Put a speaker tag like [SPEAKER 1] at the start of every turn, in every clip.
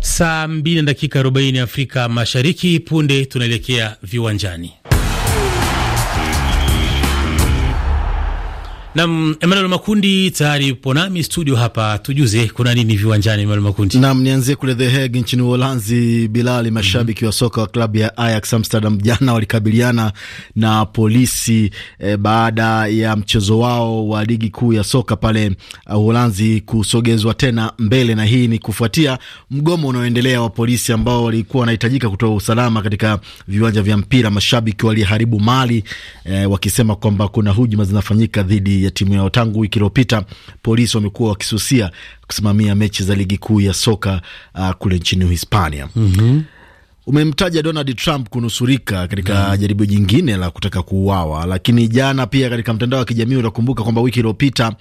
[SPEAKER 1] Saa 2 na dakika 40 Afrika Mashariki. Punde tunaelekea viwanjani. Nam Emmanuel Makundi tayari yupo nami studio hapa, tujuze kuna nini viwanjani. Emmanuel Makundi.
[SPEAKER 2] Nam, nianzie kule The Hague nchini Uholanzi. Bilali, mashabiki mm -hmm. wa soka wa klabu ya Ajax Amsterdam jana walikabiliana na polisi eh, baada ya mchezo wao wa ligi kuu ya soka pale uh, Uholanzi kusogezwa tena mbele, na hii ni kufuatia mgomo unaoendelea wa polisi ambao walikuwa wanahitajika kutoa usalama katika viwanja vya mpira. Mashabiki waliharibu mali eh, wakisema kwamba kuna hujuma zinafanyika dhidi ya timu yao. Tangu wiki iliyopita, polisi wamekuwa wakisusia kusimamia mechi za ligi kuu ya soka uh, kule nchini Hispania. mm -hmm. Umemtaja Donald Trump kunusurika katika mm. jaribio jingine la kutaka kuuawa, lakini jana pia katika mtandao wa kijamii utakumbuka kwamba wiki iliyopita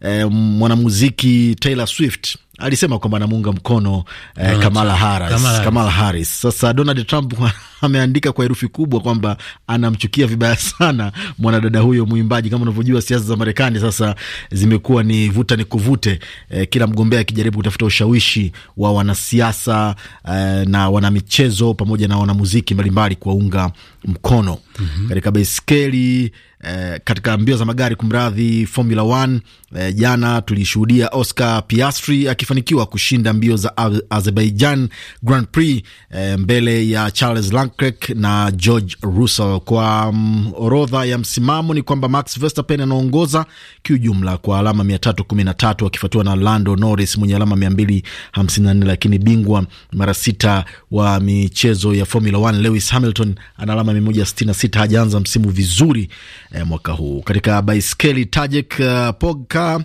[SPEAKER 2] eh, mwanamuziki Taylor Swift alisema kwamba anamuunga mkono eh, Kamala Harris, Kamala. Kamala Harris. Sasa Donald Trump ameandika kwa herufi kubwa kwamba anamchukia vibaya sana mwanadada huyo mwimbaji. Kama unavyojua siasa za Marekani sasa zimekuwa ni vuta ni kuvute, eh, kila mgombea akijaribu kutafuta ushawishi wa wanasiasa eh, na wanamichezo pamoja na wanamuziki mbalimbali kuwaunga mkono mm -hmm. katika baiskeli Eh, katika mbio za magari kumradhi, Formula 1 eh, jana tulishuhudia Oscar Piastri akifanikiwa kushinda mbio za Azerbaijan Grand Prix eh, mbele ya Charles Leclerc na George Russell. Kwa mm, orodha ya msimamo ni kwamba Max Verstappen anaongoza kiujumla kwa alama 313 akifuatiwa na Lando Norris mwenye alama 254, lakini bingwa mara sita wa michezo ya Formula 1 Lewis Hamilton ana alama 166. Hajaanza msimu vizuri eh, mwaka huu. Katika baiskeli Tadej uh, eh, Pogacar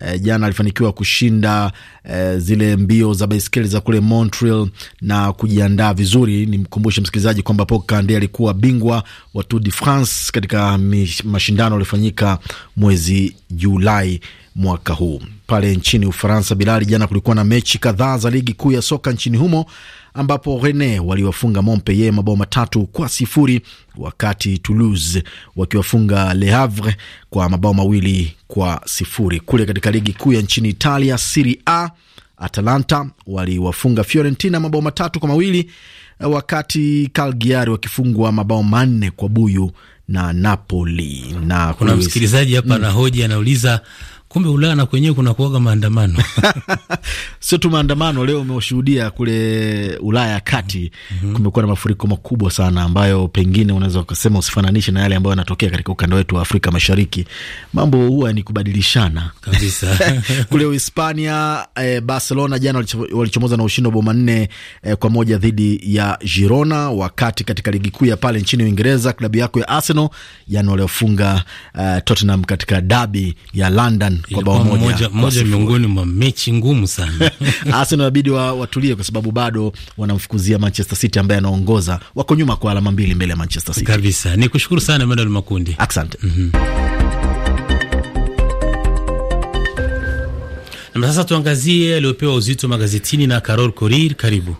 [SPEAKER 2] eh, jana alifanikiwa kushinda eh, zile mbio za baiskeli za kule Montreal na kujiandaa vizuri. Nimkumbushe msikilizaji kwamba Pogacar ndiye alikuwa bingwa wa Tour de France katika mashindano yaliyofanyika mwezi Julai mwaka huu pale nchini Ufaransa. Bilali, jana kulikuwa na mechi kadhaa za ligi kuu ya soka nchini humo ambapo Rene waliwafunga Montpellier mabao matatu kwa sifuri wakati Toulouse wakiwafunga Le Havre kwa mabao mawili kwa sifuri. Kule katika ligi kuu ya nchini Italia, Serie A, Atalanta waliwafunga Fiorentina mabao matatu kwa mawili wakati Cagliari wakifungwa mabao manne kwa buyu na Napoli. Na kuna msikilizaji hapa mm, na
[SPEAKER 1] hoji anauliza Kumbe Ulaya na kwenyewe kuna kuoga maandamano sio tu maandamano. Leo
[SPEAKER 2] umeshuhudia kule Ulaya ya kati mm -hmm. kumekuwa na mafuriko makubwa sana ambayo pengine unaweza ukasema usifananishe na yale ambayo yanatokea katika ukanda wetu wa Afrika Mashariki. Mambo huwa ni kubadilishana
[SPEAKER 1] kabisa
[SPEAKER 2] kule Uhispania, eh, Barcelona jana walichomoza na ushindi wa boma nne eh, kwa moja dhidi ya Girona, wakati katika ligi kuu ya pale nchini Uingereza klabu yako ya Arsenal jana waliofunga eh, Tottenham katika dabi ya London kwa bao moja, moja miongoni mwa mechi ngumu sana. Arsenal inabidi wa, watulie kwa sababu bado wanamfukuzia Manchester City ambaye anaongoza, wako nyuma kwa alama mbili mbele ya
[SPEAKER 1] Manchester City kabisa. Ni kushukuru sana Emmanuel Makundi, asante mm -hmm. Na sasa tuangazie aliopewa uzito magazetini na Carol Korir, karibu.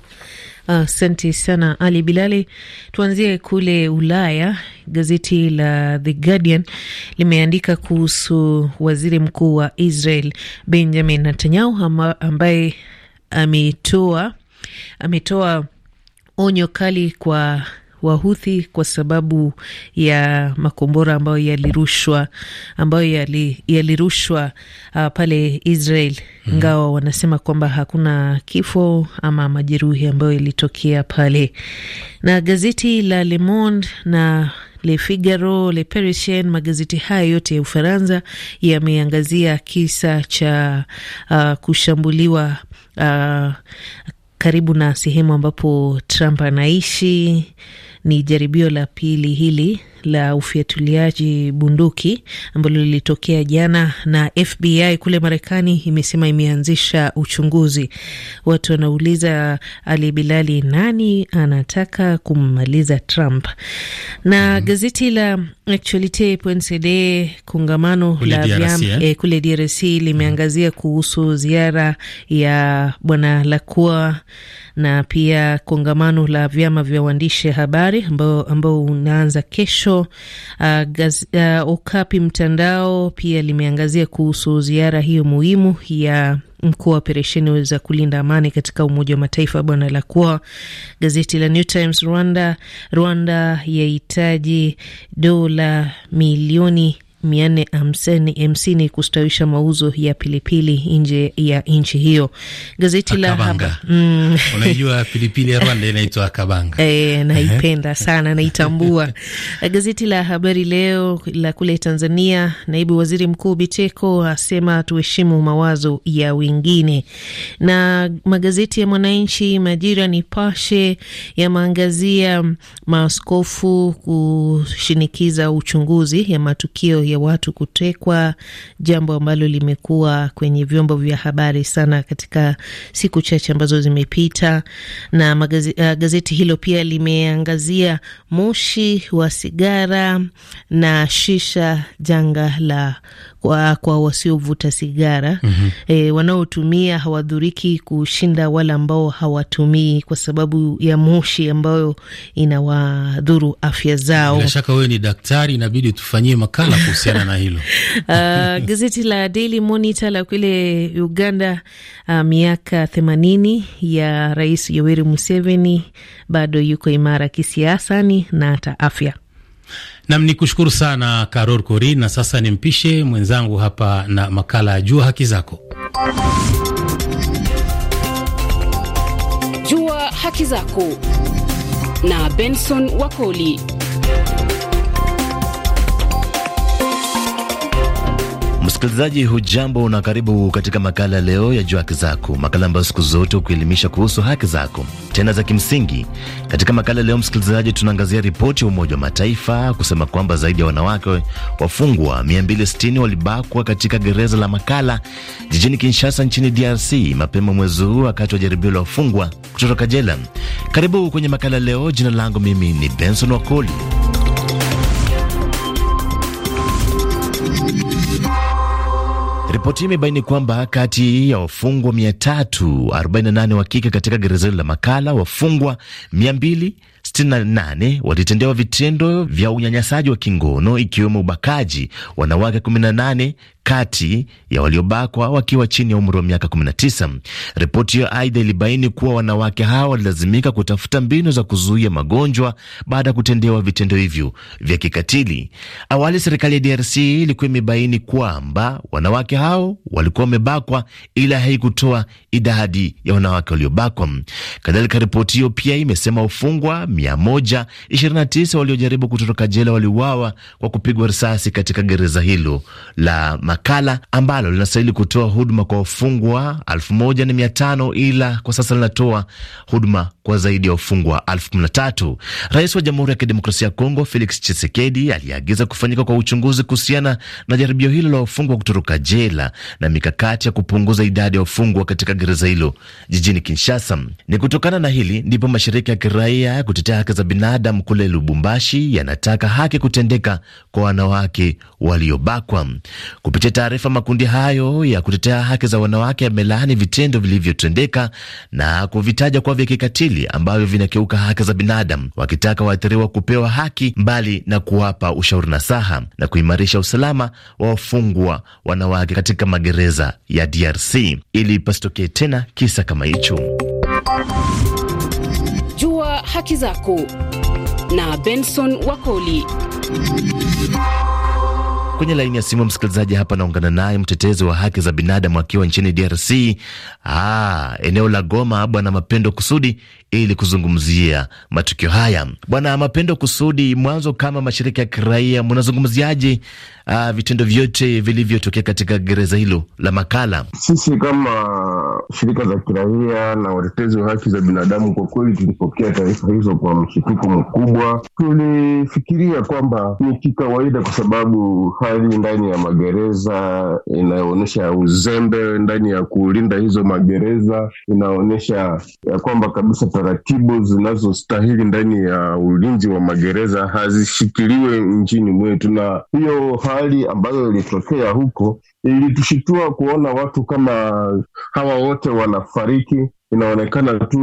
[SPEAKER 3] Ah, asante uh, sana Ali Bilali. Tuanzie kule Ulaya. Gazeti la The Guardian limeandika kuhusu waziri mkuu wa Israel Benjamin Netanyahu ambaye ametoa ametoa onyo kali kwa Wahuthi kwa sababu ya makombora ambayo yalirushwa ambayo yalirushwa uh, pale Israel, hmm. ingawa wanasema kwamba hakuna kifo ama majeruhi ambayo ilitokea pale. Na gazeti la Le Monde na Le Figaro, Le Parisien, magazeti haya yote ya Ufaransa yameangazia kisa cha uh, kushambuliwa uh, karibu na sehemu ambapo Trump anaishi ni jaribio la pili hili la ufyatuliaji bunduki ambalo lilitokea jana, na FBI kule Marekani imesema imeanzisha uchunguzi. Watu wanauliza Ali Bilali, nani anataka kummaliza Trump? na mm. gazeti la Actualite.cd kongamano kule la DRC, eh? eh, kule DRC limeangazia mhm. kuhusu ziara ya bwana Lacroix na pia kongamano la vyama vya waandishi habari ambao, ambao unaanza kesho. Uh, gaz, uh, Okapi mtandao pia limeangazia kuhusu ziara hiyo muhimu ya mkuu wa operesheni za kulinda amani katika Umoja wa Mataifa Bwana kwa Gazeti la New Times Rwanda, Rwanda yahitaji dola milioni 450 kustawisha mauzo ya pilipili nje ya nchi hiyo. Gazeti la mm. Unajua
[SPEAKER 1] pilipili ya Rwanda inaitwa Kabanga. Eh, naipenda
[SPEAKER 3] sana naitambua. Gazeti la Habari Leo la kule Tanzania, naibu waziri mkuu Biteko asema tuheshimu mawazo ya wengine. Na magazeti ya Mwananchi, Majira, Nipashe yamaangazia maaskofu kushinikiza uchunguzi ya matukio ya ya watu kutekwa, jambo ambalo limekuwa kwenye vyombo vya habari sana katika siku chache ambazo zimepita. Na magazi, uh, gazeti hilo pia limeangazia moshi wa sigara na shisha, janga la kwa, kwa wasiovuta sigara mm -hmm. E, wanaotumia hawadhuriki kushinda wale ambao hawatumii kwa sababu ya moshi ambayo inawadhuru afya
[SPEAKER 1] zao. Bila shaka wewe ni daktari, inabidi tufanyie makala kuhusiana na hilo.
[SPEAKER 3] Uh, gazeti la Daily Monitor la kule Uganda, uh, miaka themanini ya Rais Yoweri Museveni bado yuko imara kisiasani na hata
[SPEAKER 1] afya. Nam ni kushukuru sana Karol Kori, na sasa nimpishe mwenzangu hapa na makala ya Jua Haki Zako.
[SPEAKER 3] Jua Haki Zako na Benson Wakoli.
[SPEAKER 4] Msikilizaji hujambo na karibu katika makala leo ya Jua Haki Zako, makala ambayo siku zote hukuelimisha kuhusu haki zako tena za kimsingi. Katika makala leo, msikilizaji, tunaangazia ripoti ya Umoja wa Mataifa kusema kwamba zaidi ya wanawake wafungwa 260 walibakwa katika gereza la Makala jijini Kinshasa nchini DRC mapema mwezi huu wakati wa jaribio la wafungwa kutoroka jela. Karibu kwenye makala leo. Jina langu mimi ni Benson Wakoli. Ripoti imebaini kwamba kati ya wafungwa 348 wa kike katika gereza la Makala, wafungwa 268 walitendewa vitendo vya unyanyasaji wa kingono ikiwemo ubakaji, wanawake 18 kati ya waliobakwa wakiwa chini ya umri wa miaka 19. Ripoti hiyo aidha ilibaini kuwa wanawake hawa walilazimika kutafuta mbinu za kuzuia magonjwa baada ya kutendewa vitendo hivyo vya kikatili. Awali serikali ya DRC ilikuwa imebaini kwamba wanawake hao walikuwa wamebakwa, ila haikutoa idadi ya wanawake waliobakwa. Kadhalika, ripoti hiyo pia imesema wafungwa 129 waliojaribu kutoroka jela waliuawa kwa kupigwa risasi katika gereza hilo la makala ambalo linastahili kutoa huduma kwa wafungwa ila kwa sasa linatoa huduma kwa zaidi ya wafungwa Rais wa Jamhuri ya Kidemokrasia ya Kongo Felix Tshisekedi aliagiza kufanyika kwa uchunguzi kuhusiana na jaribio hilo la wafungwa kutoroka jela na mikakati ya kupunguza idadi ya wafungwa katika gereza hilo jijini Kinshasa. Ni kutokana na hili ndipo mashirika ya kiraia ya kutetea haki za binadamu kule Lubumbashi yanataka haki kutendeka kwa wanawake waliobakwa kupitia Kupitia taarifa, makundi hayo ya kutetea haki za wanawake yamelaani vitendo vilivyotendeka na kuvitaja kuwa vya kikatili ambavyo vinakiuka haki za binadamu, wakitaka waathiriwa kupewa haki mbali na kuwapa ushauri nasaha na kuimarisha usalama wa wafungwa wanawake katika magereza ya DRC ili pasitokee tena kisa kama hicho.
[SPEAKER 3] Jua haki zako na Benson Wakoli.
[SPEAKER 4] Kwenye laini ya simu msikilizaji, hapa naungana naye mtetezi wa haki za binadamu akiwa nchini DRC, aa, ah, eneo la Goma, Bwana Mapendo Kusudi, ili kuzungumzia matukio haya. Bwana Mapendo Kusudi, mwanzo kama mashirika ya kiraia mnazungumziaje ah, vitendo vyote vilivyotokea katika gereza hilo la Makala?
[SPEAKER 5] Sisi kama shirika za kiraia na watetezi wa haki za binadamu, kwa kweli tulipokea taarifa hizo kwa mshituko mkubwa. Tulifikiria kwamba ni kikawaida, kwa sababu hali ndani ya magereza inaonyesha uzembe ndani ya kulinda hizo magereza, inaonyesha ya kwamba kabisa taratibu zinazostahili ndani ya ulinzi wa magereza hazishikiliwe nchini mwetu, na hiyo hali ambayo ilitokea huko ilitushitua kuona watu kama hawa wote wanafariki. Inaonekana tu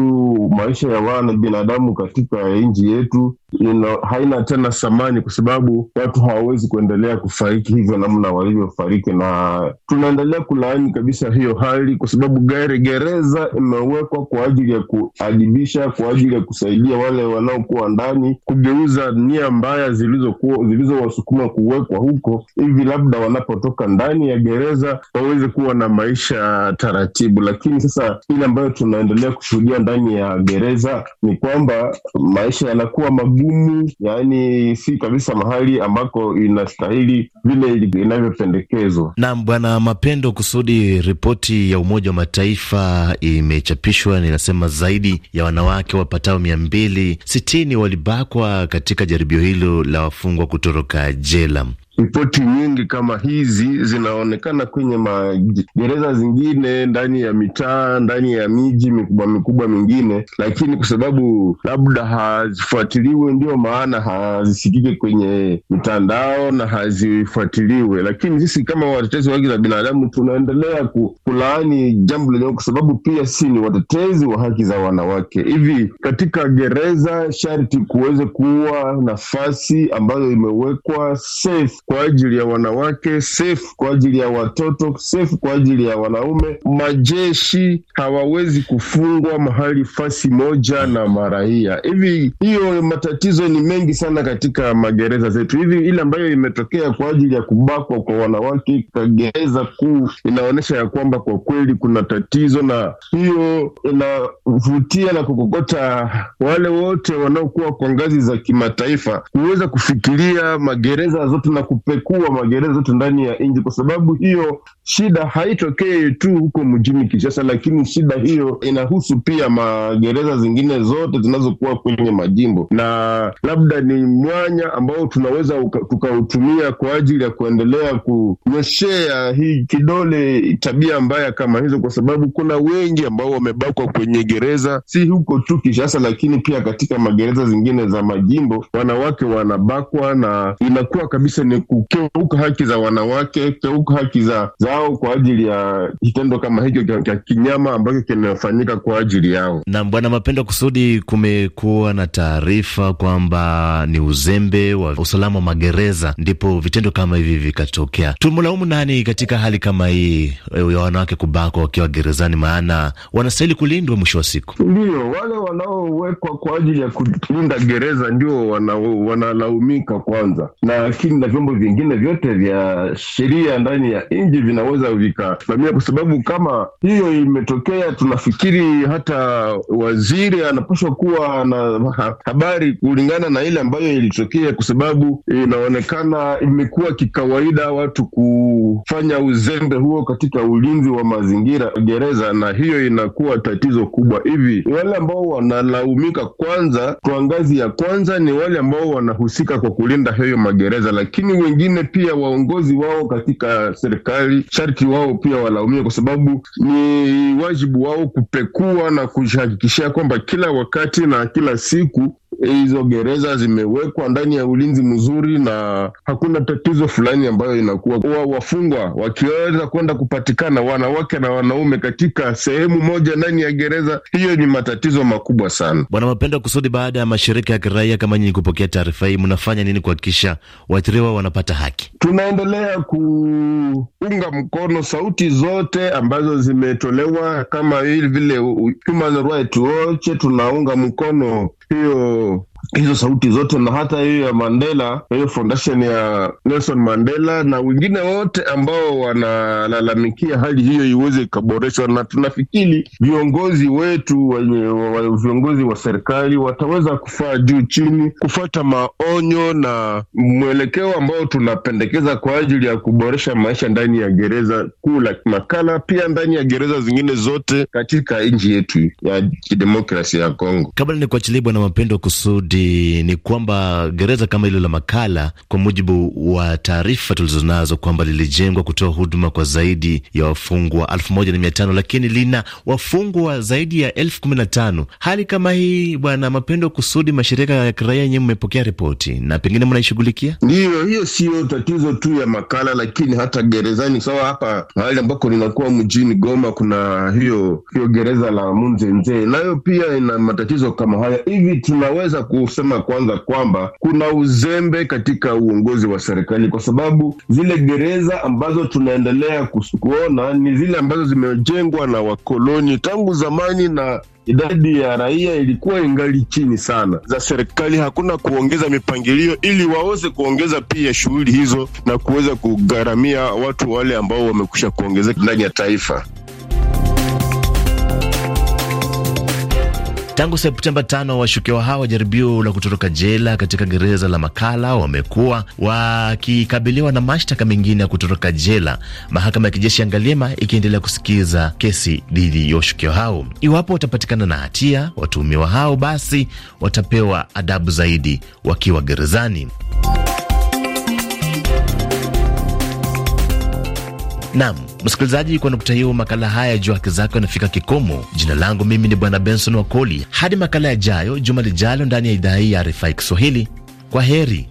[SPEAKER 5] maisha ya wana binadamu katika nchi yetu ina, haina tena thamani kwa sababu watu hawawezi kuendelea kufariki hivyo namna walivyofariki, na tunaendelea kulaani kabisa hiyo hali, kwa sababu gari gereza imewekwa kwa ajili ya kuadibisha, kwa ajili ya kusaidia wale wanaokuwa ndani, kugeuza nia mbaya zilizokuwa zilizowasukuma kuwekwa huko, hivi labda wanapotoka ndani ya gereza waweze kuwa na maisha taratibu. Lakini sasa ile ambayo tunaendelea kushuhudia ndani ya gereza ni kwamba maisha yanakuwa magumu gumu, yaani si kabisa mahali ambako inastahili vile inavyopendekezwa. Naam,
[SPEAKER 4] Bwana Mapendo Kusudi, ripoti ya Umoja wa Mataifa imechapishwa, ninasema zaidi ya wanawake wapatao mia mbili sitini walibakwa katika jaribio hilo la wafungwa kutoroka jela.
[SPEAKER 5] Ripoti nyingi kama hizi zinaonekana kwenye magereza zingine, ndani ya mitaa, ndani ya miji mikubwa mikubwa mingine, lakini kwa sababu labda hazifuatiliwe, ndio maana hazisikike kwenye mitandao na hazifuatiliwe. Lakini sisi kama watetezi wa haki za binadamu tunaendelea kulaani jambo lenyewe, kwa sababu pia si ni watetezi wa haki za wanawake. Hivi katika gereza sharti kuweze kuwa nafasi ambayo imewekwa safe kwa ajili ya wanawake, safe kwa ajili ya watoto, safe kwa ajili ya wanaume. Majeshi hawawezi kufungwa mahali fasi moja na maraia hivi. Hiyo matatizo ni mengi sana katika magereza zetu hivi. Ile ambayo imetokea kwa ajili ya kubakwa kwa wanawake kwa gereza kuu inaonyesha ya kwamba kwa kweli kuna tatizo, na hiyo inavutia na kukokota wale wote wanaokuwa kwa ngazi za kimataifa kuweza kufikiria magereza zote na kupekua magereza yote ndani ya nchi, kwa sababu hiyo shida haitokee tu huko mjini Kinshasa, lakini shida hiyo inahusu pia magereza zingine zote zinazokuwa kwenye majimbo, na labda ni mwanya ambao tunaweza tukautumia kwa ajili ya kuendelea kunyoshea hii kidole tabia mbaya kama hizo, kwa sababu kuna wengi ambao wamebakwa kwenye gereza, si huko tu Kinshasa, lakini pia katika magereza zingine za majimbo, wanawake wanabakwa na inakuwa kabisa ni kukeuka haki za wanawake, keuka haki za zao kwa ajili ya kitendo kama hicho cha kinyama ambacho kinafanyika kwa ajili yao.
[SPEAKER 4] Na Bwana Mapendo Kusudi, kumekuwa na taarifa kwamba ni uzembe wa usalama wa magereza ndipo vitendo kama hivi vikatokea. Tumlaumu nani katika hali kama hii eh, ya wanawake kubakwa wakiwa gerezani? Maana wanastahili kulindwa mwisho wa siku.
[SPEAKER 5] Ndiyo wale wanaowekwa kwa ajili ya kulinda gereza ndio wanalaumika wana kwanza, lakini na vyombo vyombo vingine vyote vya sheria ndani ya nchi vinaweza vikasimamia, kwa sababu kama hiyo imetokea, tunafikiri hata waziri anapaswa kuwa na habari kulingana na ile ambayo ilitokea, kwa sababu inaonekana imekuwa kikawaida watu kufanya uzembe huo katika ulinzi wa mazingira gereza, na hiyo inakuwa tatizo kubwa. Hivi wale ambao wanalaumika kwanza, kwa ngazi ya kwanza, ni wale ambao wanahusika kwa kulinda hiyo magereza, lakini wengine pia waongozi wao katika serikali sharti wao pia walaumia, kwa sababu ni wajibu wao kupekua na kuhakikishia kwamba kila wakati na kila siku hizo gereza zimewekwa ndani ya ulinzi mzuri na hakuna tatizo fulani ambayo inakuwa wa wafungwa wakiweza kwenda kupatikana wanawake na wanaume katika sehemu moja ndani ya gereza hiyo, ni matatizo makubwa sana.
[SPEAKER 4] Bwana Mapendo Kusudi, baada ya mashirika ya kiraia kama nyinyi kupokea taarifa hii, mnafanya nini kuhakikisha waathiriwa wanapata haki?
[SPEAKER 5] Tunaendelea kuunga mkono sauti zote ambazo zimetolewa kama vile Human Rights Watch, tunaunga mkono se o hizo sauti zote na hata hiyo ya Mandela, hiyo foundation ya Nelson Mandela na wengine wote ambao wanalalamikia hali hiyo iweze ikaboreshwa, na tunafikiri viongozi wetu wenye wa, viongozi wa serikali wataweza kufaa juu chini kufuata maonyo na mwelekeo ambao tunapendekeza kwa ajili ya kuboresha maisha ndani ya gereza kuu la Makala, pia ndani ya gereza zingine zote katika nchi yetu ya kidemokrasi ya Kongo.
[SPEAKER 4] Kabla ni kuachilia Bwana Mapendo kusudi Budi, ni kwamba gereza kama hilo la Makala, kwa mujibu wa taarifa tulizonazo, kwamba lilijengwa kutoa huduma kwa zaidi ya wafungwa elfu moja na mia tano lakini lina wafungwa zaidi ya elfu kumi na tano Hali kama hii, Bwana Mapendo Kusudi, mashirika ya kiraia nyewe, mmepokea ripoti na pengine mnaishughulikia?
[SPEAKER 5] Ndiyo, hiyo siyo tatizo tu ya Makala, lakini hata gerezani. Sawa, hapa mahali ambako linakuwa mjini Goma, kuna hiyo hiyo gereza la Munzenze, nayo pia ina matatizo kama haya. Hivi tunaweza ku kusema kwanza kwamba kuna uzembe katika uongozi wa serikali, kwa sababu zile gereza ambazo tunaendelea kuona ni zile ambazo zimejengwa na wakoloni tangu zamani na idadi ya raia ilikuwa ingali chini sana. Za serikali hakuna kuongeza mipangilio ili waweze kuongeza pia shughuli hizo na kuweza kugharamia watu wale ambao wamekwisha kuongezeka ndani ya taifa.
[SPEAKER 4] Tangu Septemba tano, washukiwa hao wa jaribio la kutoroka jela katika gereza la Makala wamekuwa wakikabiliwa na mashtaka mengine ya kutoroka jela, mahakama ya kijeshi ya Ngaliema ikiendelea kusikiza kesi dhidi ya washukiwa hao. Iwapo watapatikana na hatia, watuhumiwa hao basi watapewa adabu zaidi wakiwa gerezani. Nam msikilizaji, kwa nukta hiyo, makala haya juu haki zako yanafika kikomo. Jina langu mimi ni Bwana Benson Wakoli. Hadi makala yajayo juma lijalo, ndani ya idhaa hii ya RFI Kiswahili. Kwa heri.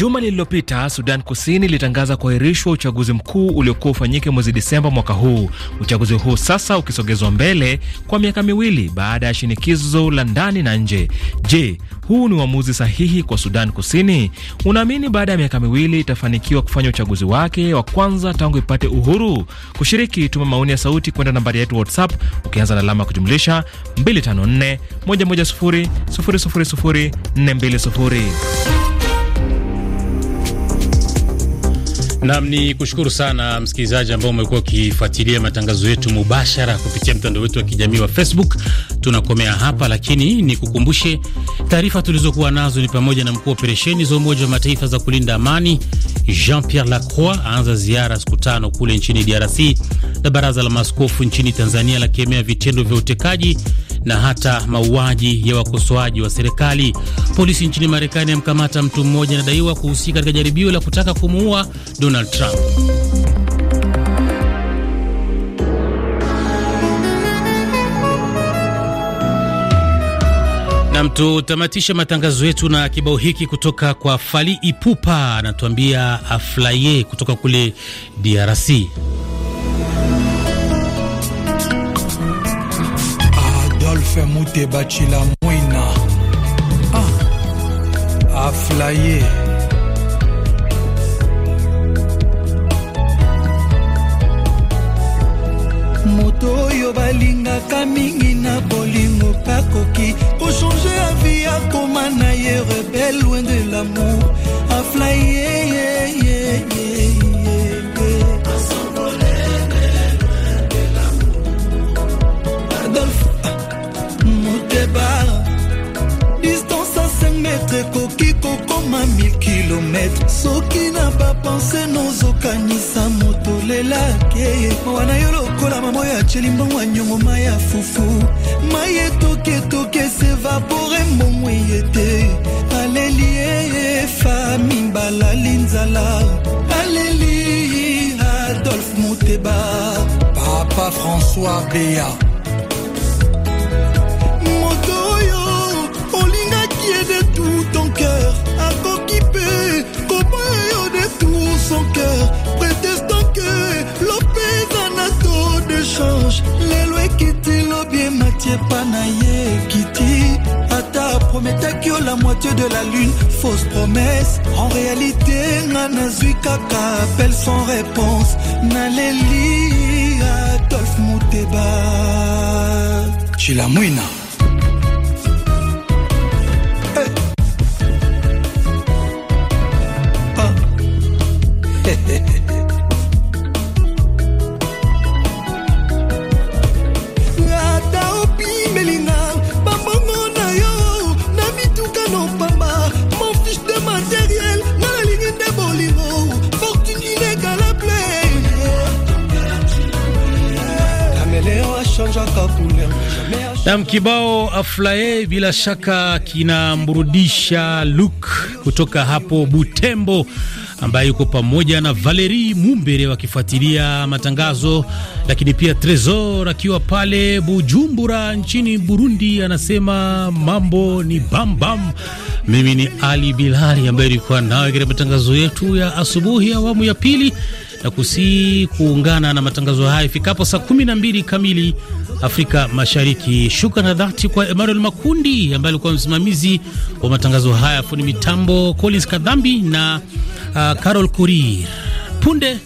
[SPEAKER 4] Juma lililopita Sudan Kusini ilitangaza kuahirishwa uchaguzi mkuu uliokuwa ufanyike mwezi Disemba mwaka huu, uchaguzi huu sasa ukisogezwa mbele kwa miaka miwili baada ya shinikizo la ndani na nje. Je, huu ni uamuzi sahihi kwa Sudan Kusini? Unaamini baada ya miaka miwili itafanikiwa kufanya uchaguzi wake wa kwanza tangu ipate uhuru? Kushiriki, tuma maoni ya sauti kwenda nambari yetu WhatsApp ukianza na alama ya kujumlisha 254 110 000 420. Nam
[SPEAKER 1] ni kushukuru sana msikilizaji ambao umekuwa ukifuatilia matangazo yetu mubashara kupitia mtandao wetu wa kijamii wa Facebook. Tunakomea hapa, lakini ni kukumbushe taarifa tulizokuwa nazo ni pamoja na mkuu wa operesheni za Umoja wa Mataifa za kulinda amani Jean Pierre Lacroix aanza ziara siku tano kule nchini DRC, na baraza la maaskofu nchini Tanzania la kemea vitendo vya utekaji na hata mauaji ya wakosoaji wa serikali. Polisi nchini Marekani amkamata mtu mmoja anadaiwa kuhusika katika jaribio la kutaka kumuua Donald Trump. Nam, tutamatisha matangazo yetu na kibao hiki kutoka kwa fali Ipupa, anatuambia aflaye kutoka kule DRC.
[SPEAKER 6] Adolphe Mute Bachila Mwina, ah, aflaye balingaka mingi na bolingo pakoki kochange rebel loin de lamour aflaye adolf distance 1000 soki elelaki mawa na yo lokola mamo oyo aceli mbongo anyongo mai ya fufu mai etoketoke sevapore mbongo eye te aleli eyefa mimbalali nzala aleli adolphe moteba papa françois bea change lelo ekiti lobie matie epa na ye ekiti ata prometaki yo la moitié de la lune fausse promesse en réalité nga nazwi kaka appel sans réponse naleli adolphe la chilamwina
[SPEAKER 1] Nam kibao aflae bila shaka kinamrudisha Luke kutoka hapo Butembo, ambaye yuko pamoja na Valerie Mumbere wakifuatilia matangazo, lakini pia Tresor akiwa pale Bujumbura nchini Burundi anasema mambo ni bambam bam. Mimi ni Ali Bilali ambaye alikuwa nawe katika matangazo yetu ya asubuhi ya awamu ya pili, na kusii kuungana na matangazo haya ifikapo saa 12 kamili Afrika Mashariki. Shukrani na dhati kwa Emmanuel Makundi ambaye alikuwa msimamizi wa matangazo
[SPEAKER 6] haya, fundi mitambo Collins Kadhambi na uh, Carol Kurir. Punde